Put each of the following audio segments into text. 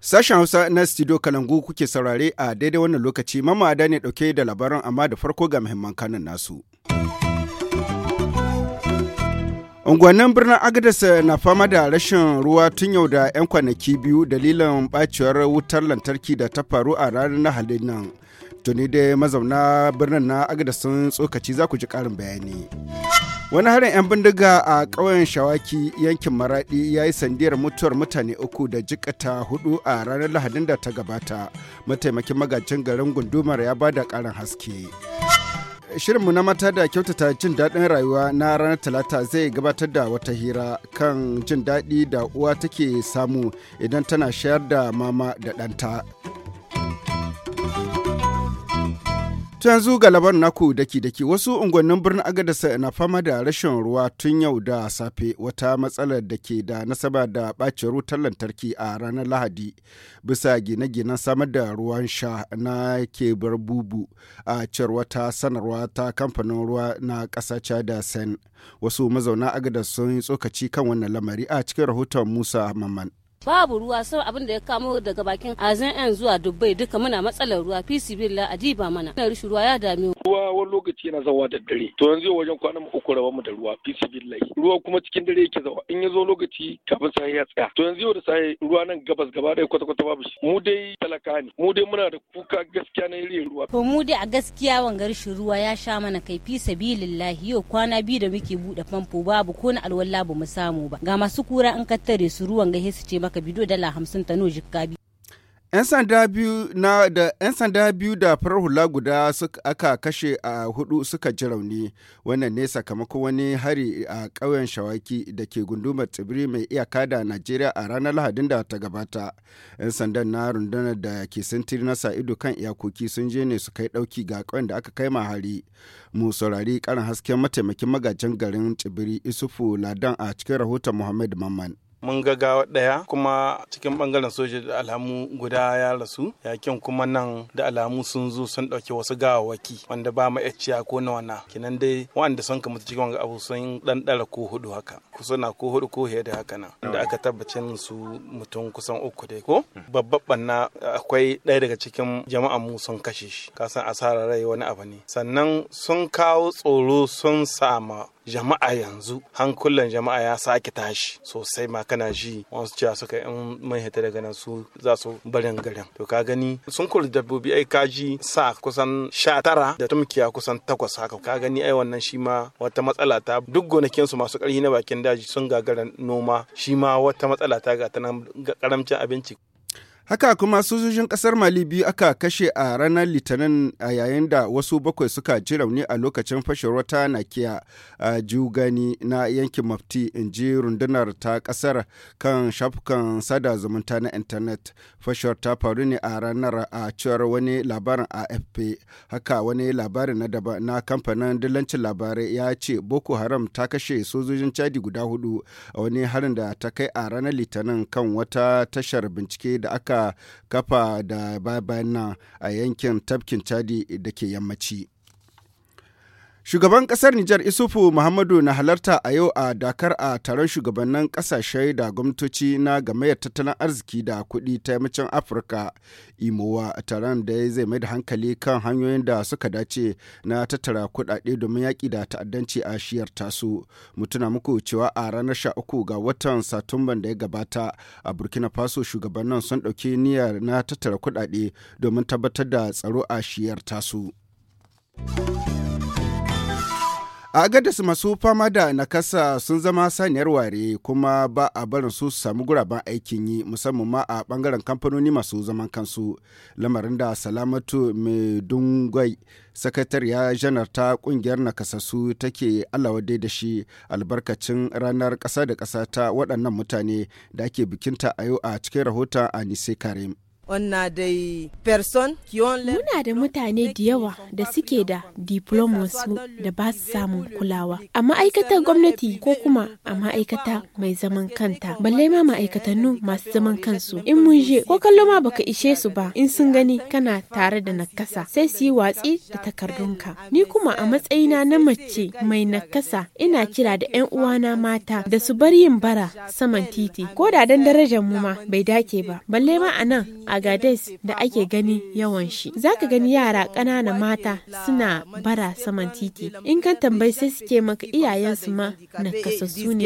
Sashen Hausa na studio Kalangu kuke saurare a daidai wannan lokaci mamada ne dauke da labaran amma da farko ga muhimman kanan nasu. unguwannin birnin agadas na fama da rashin ruwa tun yau da 'yan kwanaki biyu dalilin bacewar wutar lantarki da ta faru a ranar halin nan tuni dai mazauna birnin na agada sun tsokaci za ku ji karin bayani wani harin 'yan bindiga a ƙauyen shawaki yankin Maraɗi, ya yi sandiyar mutuwar mutane uku da jikata hudu a ranar lahadin da ta gabata mataimakin magajin garin gundumar ya bada karin haske shirinmu na mata da kyautata jin daɗin rayuwa na ranar talata zai gabatar da wata hira kan jin daɗi da uwa take samu idan tana shayar da mama da ɗanta Tun yanzu ga labarin naku daki daki wasu unguwannin birnin Agadasa na fama da rashin ruwa tun yau da safe wata matsalar da ke da nasaba da ɓacin wutar lantarki a ranar Lahadi bisa gine-ginen samar da ruwan sha na kebar bubu a cewar wata sanarwa ta kamfanin ruwa na ƙasa da Sen. Wasu mazauna Agadasa sun yi tsokaci kan wannan lamari a cikin rahoton Musa Mamman. babu ruwa sau abin da ya kamo daga bakin azan yan zuwa dubbai duka muna matsalar ruwa fisi billah adiba mana na rushe ruwa ya dame ruwa wani lokaci yana zawa da dare to yanzu yau wajen kwanan uku rabon mu da ruwa fisi billahi ruwa kuma cikin dare yake zawa in ya zo lokaci kafin sai ya tsaya to yanzu yau da sai ruwa nan gabas gaba ɗaya kwata kwata babu shi mu dai talaka ne mu dai muna da kuka gaskiya na yiri ruwa to mu dai a gaskiya wanga shi ruwa ya sha mana kai fi lillahi yau kwana biyu da muke bude famfo babu ko na alwala ba mu samu ba ga masu kura an kattare su ruwan ga su ce dala hamsin ta jikka 'Yan sanda biyu da 'yan farar hula guda aka kashe a hudu suka ji rauni wannan ne sakamakon wani hari a ƙauyen shawaki da ke gundumar tsibiri mai iyaka da Najeriya a ranar Lahadin da ta gabata. 'Yan sandan na rundunar da ke sintiri na sa-ido kan iyakoki sun je ne su kai ɗauki ga ƙauyen da aka kai ma hari. Mu saurari karin hasken mataimakin magajin garin tsibiri Isufu Ladan a cikin rahoton Muhammad Mamman. mun ga gawa ɗaya kuma cikin bangaren soja da alamu guda ya rasu yakin kuma nan da alamu sun zo sun ɗauki wasu gawawaki wanda ba ma ciya ko na wana kinan dai wanda sun kamata cikin wanga abu sun dan dara ko hudu haka na ko hudu ko da haka nan da aka tabbacin su mutum kusan uku dai ko babban na akwai ɗaya daga cikin jama'an mu sun kashe shi kasan asarar rai wani abu ne sannan sun kawo tsoro sun sama jama'a yanzu hankulan jama'a ya sake tashi sosai ma kana ji wasu cewa suka yan mai hita daga nan su za su barin garin to ka gani sun kula dabbobi ai ji sa kusan sha tara da tumkiya kusan takwas haka ka gani ai wannan shi ma wata matsala ta duk gonakin su masu ƙarfi na bakin daji sun gagara noma shi ma wata matsala ta ga ta nan karamcin abinci Haka kuma sojojin kasar Mali biyu aka kashe a ranar Litinin a yayin da wasu bakwai suka ji rauni a lokacin fashewar wata nakiya a Jugani na yankin Mafti in ji rundunar ta kasar kan shafukan sada zumunta na intanet. Fashewar ta faru ne a ranar a cewar wani labarin AFP. Haka wani labarin na daba na kamfanin dillancin labarai ya ce Boko Haram ta kashe sojojin Chadi guda hudu a wani harin da ta kai a ranar Litinin kan wata tashar bincike da aka kafa da bayan nan a yankin tafkin Chadi da ke yammaci. Shugaban ƙasar Nijar Isufu Muhammadu na halarta a yau a Dakar a taron shugabannin ƙasashe da gwamnatoci na gamayyar tattalin arziki da kuɗi ta yammacin Afirka imowa a taron da zai mai da hankali kan hanyoyin da suka dace na tattara kuɗaɗe domin yaƙi da ta'addanci a shiyar tasu. Mutuna muku cewa a ranar 13 ga watan Satumban da ya gabata a Burkina Faso shugabannin sun ɗauki niyyar na tattara kuɗaɗe domin tabbatar da tsaro a shiyar tasu. A Agadas masu fama da nakasa sun zama saniyar ware kuma ba a barin su samu guraben aikin yi musamman ma a bangaren kamfanoni masu zaman kansu lamarin da salamatu mai dungwai sakatariya janar ta kungiyar nakasassu take alawadai da shi albarkacin ranar kasa da kasa ta waɗannan mutane da ake bikinta a yau a cikin rahoton anise karim. Muna da mutane da yawa da suke da diplomansu da ba su samun kulawa. A ma'aikatar gwamnati ko kuma a ma'aikata mai zaman kanta, balle ma ma'aikatannu masu zaman kansu. In mun je, ko kallo ma baka ishe su ba, in sun gani kana tare da nakasa, sai su yi watsi da takardunka. Ni kuma a matsayina na mace mai nakasa, ina kira da 'yan uwana mata da su bar yin bara saman titi, ko da dan darajar mu ma bai dace ba, balle ma a nan a Bangladesh da ake gani yawan shi za ka gani yara ƙananan mata suna bara saman titi in ka tambayi sai suke maka iyayensu ma na kasassu ne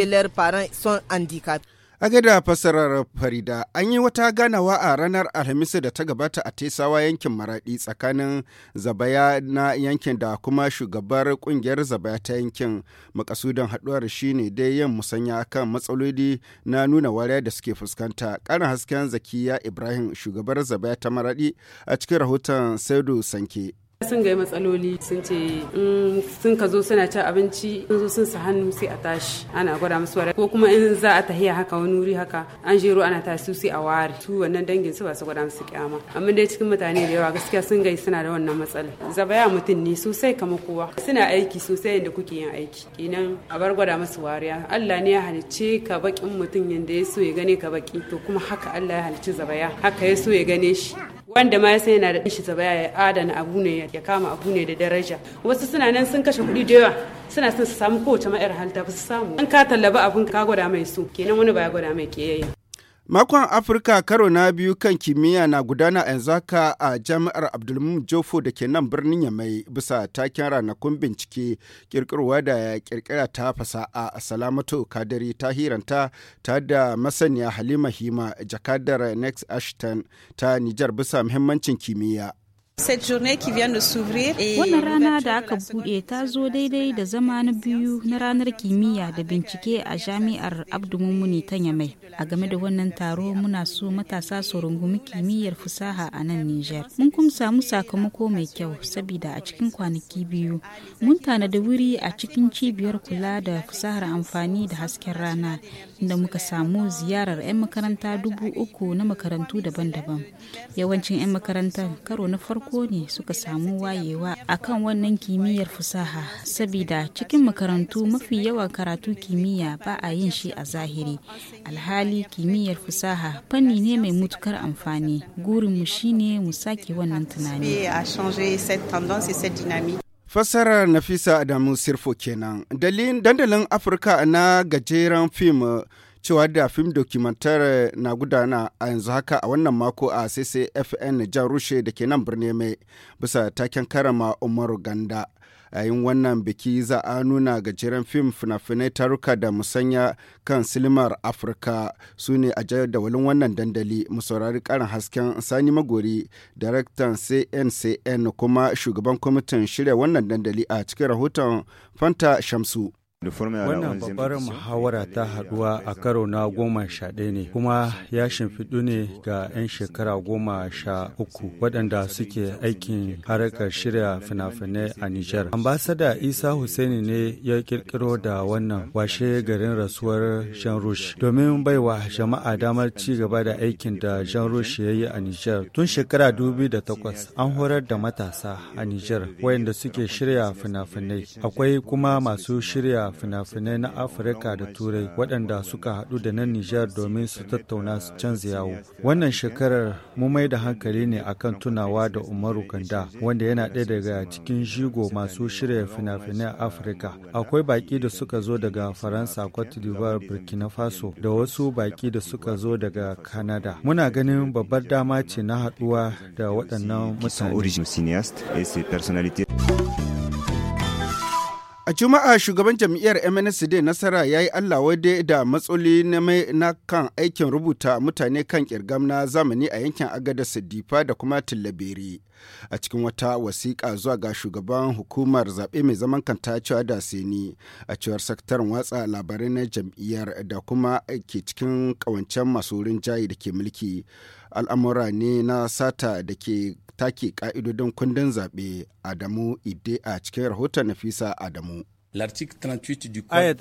A gaida fasarar Farida, an yi wata ganawa a ranar Alhamis da ta gabata a Tesawa yankin maraɗi tsakanin Zabaya na yankin da kuma shugabar kungiyar Zabaya ta yankin. Makasudan haɗuwar shi ne dai yin musanya kan matsaloli na nuna wariya da suke fuskanta. Ƙarin hasken Zakiya Ibrahim shugabar Zabaya ta maraɗi a cikin rahoton Saidu Sanke. sun ga matsaloli sun ce mm, sun ka zo suna cin abinci sun zo sun sa hannu sai a tashi ana gwada musu wari ko kuma in za a tahiya haka wani wuri haka an jero ana tashi sai a ware su wannan dangin su ba su gwada musu kyama amma dai cikin mutane da yawa gaskiya sun gai suna da wannan matsala zabaya mutum ne sosai kamar kowa suna aiki sosai yadda kuke yin aiki kenan a bar gwada musu wariya Allah ne ya halice ka bakin mutum yadda ya so ya gane ka baki to kuma haka Allah ya halicci zabaya haka ya so ya gane shi wanda ma sai yana da shi zaba ya adana abu ne ya kama abu ne da daraja wasu suna nan sun kashe kuɗi da yawa suna son su samu kowace ma'ar halta ba su samu an ka tallaba abun ka gwada mai su kenan wani ba ya gwada mai kiyayya Makon Afirka karo na biyu kan kimiyya na gudana yanzu haka a jami'ar Abdulmumin Jofo da ke nan birnin Yamai bisa taken ranakun bincike kirkirwa da kirkira ta fasa'a Salamatu Kadiri ta hiranta ta da masaniya Halima Hima jakadar Next Ashton ta Nijar bisa muhimmancin kimiyya. Wannan rana da aka buɗe ta zo daidai da zama na biyu na ranar kimiyya da bincike a jami'ar Abdulmumuni ta Yamai. A game da wannan taro muna so matasa su rungumi kimiyyar fusaha a nan Nijar. Mun kuma samu sakamako mai kyau saboda a cikin kwanaki biyu mun tanada wuri a cikin cibiyar kula da fasahar amfani da hasken rana inda muka samu ziyarar 'yan makaranta dubu uku na makarantu daban-daban. Yawancin 'yan makarantar karo na farko farko ne suka samu wayewa a kan wannan kimiyyar fusaha saboda cikin makarantu mafi yawan karatu kimiyya ba a yin shi a zahiri alhali kimiyyar fusaha fanni ne mai mutukar amfani gurinmu shine mu sake wannan tunani Fasara Nafisa Adamu Sirfo kenan. Dandalin Afirka na gajeren fim cewa da fim documentary na gudana a yanzu haka a wannan mako a ccfn jan rushe da ke nan birni mai bisa taken karama umar ganda yayin wannan biki za a nuna gajeren fim fina-finai taruka da musanya kan silimar afirka su ne a jadawalin wannan dandali mu saurari karin hasken sani magori daraktan cncn kuma shugaban kwamitin shirya wannan dandali a cikin rahoton fanta shamsu Wannan babbar muhawara ta haduwa a karo na goma sha ɗaya ne kuma ya shimfiɗu ne ga 'yan shekara goma sha uku waɗanda suke aikin harkar shirya fina-finai a Nijar. Ambasada Isa Hussaini ne ya kirkiro da wannan washe garin rasuwar Jean Rouge domin baiwa jama'a damar ci gaba da aikin da Jean Rouge ya yi a Nijar. Tun shekara takwas an horar da matasa a Nijar wayanda suke shirya fina-finai. Akwai kuma masu shirya fina-finai na afirka da turai waɗanda suka haɗu da nan nijar domin su tattauna su canza yawo wannan shekarar mu mai da hankali ne akan tunawa da umaru kanda wanda yana ɗaya daga cikin jigo masu shirya fina-finai afirka akwai baƙi da suka zo daga faransa cote d'ivoire burkina faso da wasu baƙi da suka zo daga canada muna ganin babbar dama ce na haɗuwa da waɗannan mutane A Juma'a shugaban jam'iyyar MNSD Nasara ya yi Allah wade da matsoli na kan aikin rubuta mutane kan kirgam na zamani a yankin Agada Sadifa da kuma Tillabiri. A cikin wata wasiƙa zuwa ga shugaban hukumar zaɓe mai zaman kanta cewa da Seni a cewar sakataren watsa labarai na jam'iyyar da kuma ke cikin ƙawancen masu wurin jayi da ke mulki. al'amura ne na sata da ke take ka'idodin kundin zaɓe Adamu Ide a cikin rahoton Nafisa Adamu. L'article 38 du Aya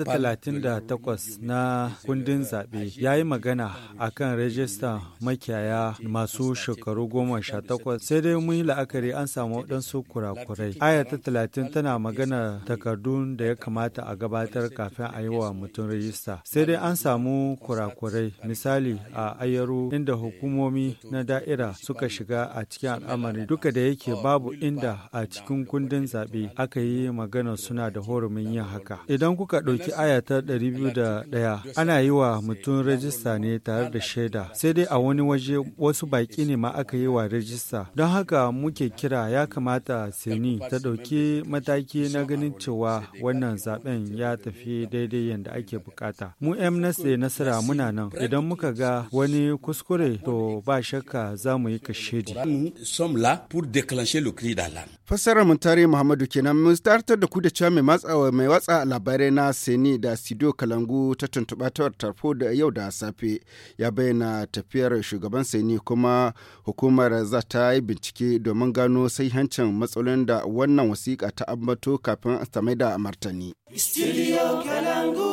na kundin zaɓe ya yi magana a kan rajista makiyaya masu shekaru goma sha takwas sai dai mun yi la'akari an samu waɗansu kurakurai. Aya ta 30 tana magana takardun da ya kamata a gabatar kafin a yi wa mutum rajista. Sai dai an samu kurakurai misali a ayyaru inda hukumomi na da'ira suka shiga a cikin al'amari duka da yake babu inda a cikin kundin zaɓe aka yi magana suna da horumi. domin yin haka. Idan kuka ɗauki aya ta ɗaya ana yi wa mutum rajista ne tare da shaida sai dai a wani waje wasu baƙi ne ma aka yi wa rajista. Don haka muke kira ya kamata sani ta ɗauki mataki na ganin cewa wannan zaben ya tafi daidai yadda ake bukata. Mu Amnesty Nasara muna nan idan muka ga wani kuskure to ba shakka za mu yi kashedi. Fassarar Muntari Muhammadu kenan mun da ku da cewa mai matsawa mai watsa labarai na Seni da Studio Kalangu ta tuntuɓa ta tarfo da yau da safe ya bayyana tafiyar shugaban Seni kuma hukumar za ta yi bincike domin gano sai hancin matsalolin da wannan wasiƙa ta ambato kafin ta mai da martani. Studio Kalangu.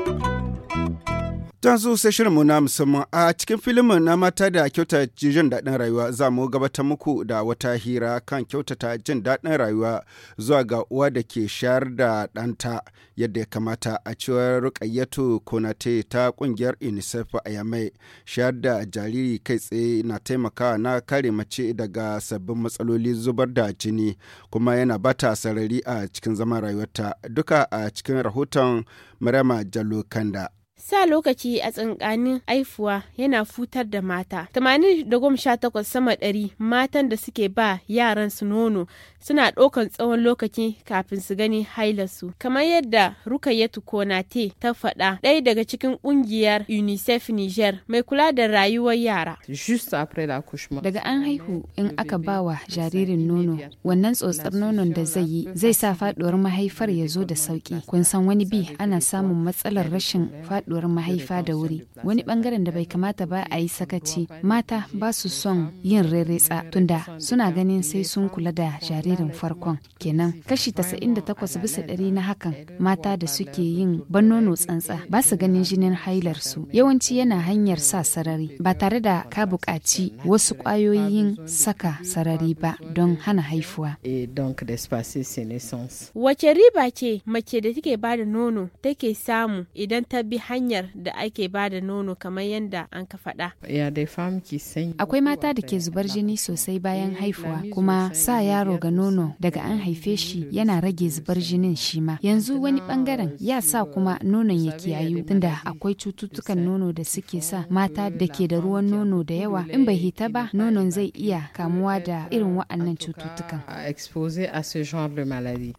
Don sai mu na musamman a cikin filimin na mata da kyauta jin daɗin rayuwa za mu gabatar muku da wata hira kan kyautata jin daɗin rayuwa zuwa ga uwa da ke shayar da ɗanta yadda ya kamata a cewar rukayyatu konate ta ƙungiyar unicef a yamai shayar da jariri kai tsaye na taimakawa na kare mace daga sabbin matsaloli zubar da jini kuma yana bata sarari a cikin zaman rayuwarta duka a cikin rahoton Marama Jallo Kanda. sa lokaci a tsankanin aifuwa yana futar da mata 88 sama ɗari matan da suke ba yaran su nono suna ɗaukan tsawon lokaci kafin su gani hailarsu kamar yadda rukayyatu konate ta faɗa ɗaya daga cikin ƙungiyar unicef niger mai kula da rayuwar yara daga an haihu in aka ba wa jaririn nono wannan tsotsar nonon da zai yi zai sa faɗuwar mahaifar ya zo da sauki kun san wani bi ana samun matsalar rashin faɗuwar haɗuwar mahaifa da wuri wani bangaren da bai kamata ba a yi sakaci mata ba su son yin reretsa tunda suna ganin sai sun kula da jaririn farkon kenan kashi da 98 bisa ɗari na hakan mata da suke yin bannono tsantsa ba su ganin jinin hailar su yawanci yana hanyar sa sarari ba tare da ka buƙaci wasu ƙwayoyin saka sarari ba don hana haifuwa wace riba ce mace da take ba da nono take samu idan ta bi hanyar hanyar da ake ba da nono kamar yadda an ka faɗa. Akwai mata da ke zubar jini sosai bayan haifuwa kuma sa yaro ga nono daga an haife shi yana rage zubar jinin shi ma. Yanzu wani bangaren ya sa kuma nonon ya kiyayu tunda akwai cututtukan nono da suke sa mata da ke da ruwan nono da yawa in bai hita ba nonon zai iya kamuwa da irin wa'annan cututtukan.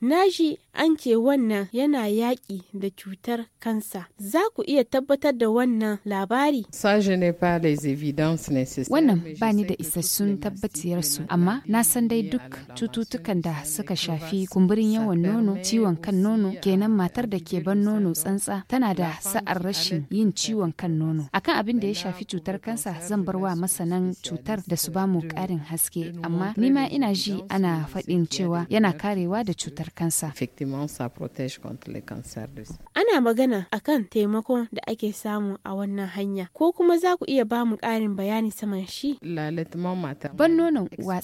Naji an ce wannan yana yaƙi da cutar kansa. Za ku iya tabbatar da wannan labari? Wannan ba ni da isassun tabbaciyarsu, amma na san dai duk cututtukan da suka shafi kumburin yawan nono, ciwon kan nono, kenan matar da ke ban nono tsantsa tana da sa'ar rashin yin ciwon kan nono. Akan abin da ya shafi cutar kansa zan bar wa masanan cutar da su ba mu ƙarin haske, amma ni ma ina ji ana faɗin cewa yana karewa da cutar kansa. muna magana akan taimakon da ake samu a wannan hanya ko kuma za ku iya ba mu ƙarin bayani saman shi ban nonon uwa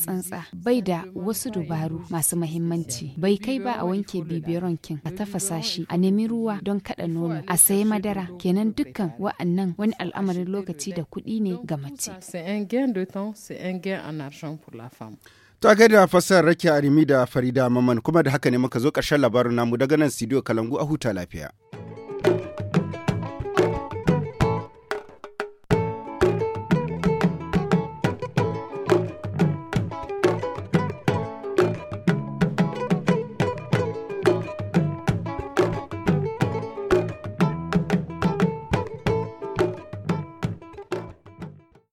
bai da wasu dubaru masu mahimmanci bai kai ba a wanke bibironkin kin a tafasa shi a nemi ruwa don kada nono a sayi madara kenan dukkan wa'annan wani al'amarin lokaci da kuɗi ne ga mace ta gaida fasar rakiya arimi da farida maman kuma da haka ne muka zo ƙarshen labarin namu daga nan studio kalangu a huta lafiya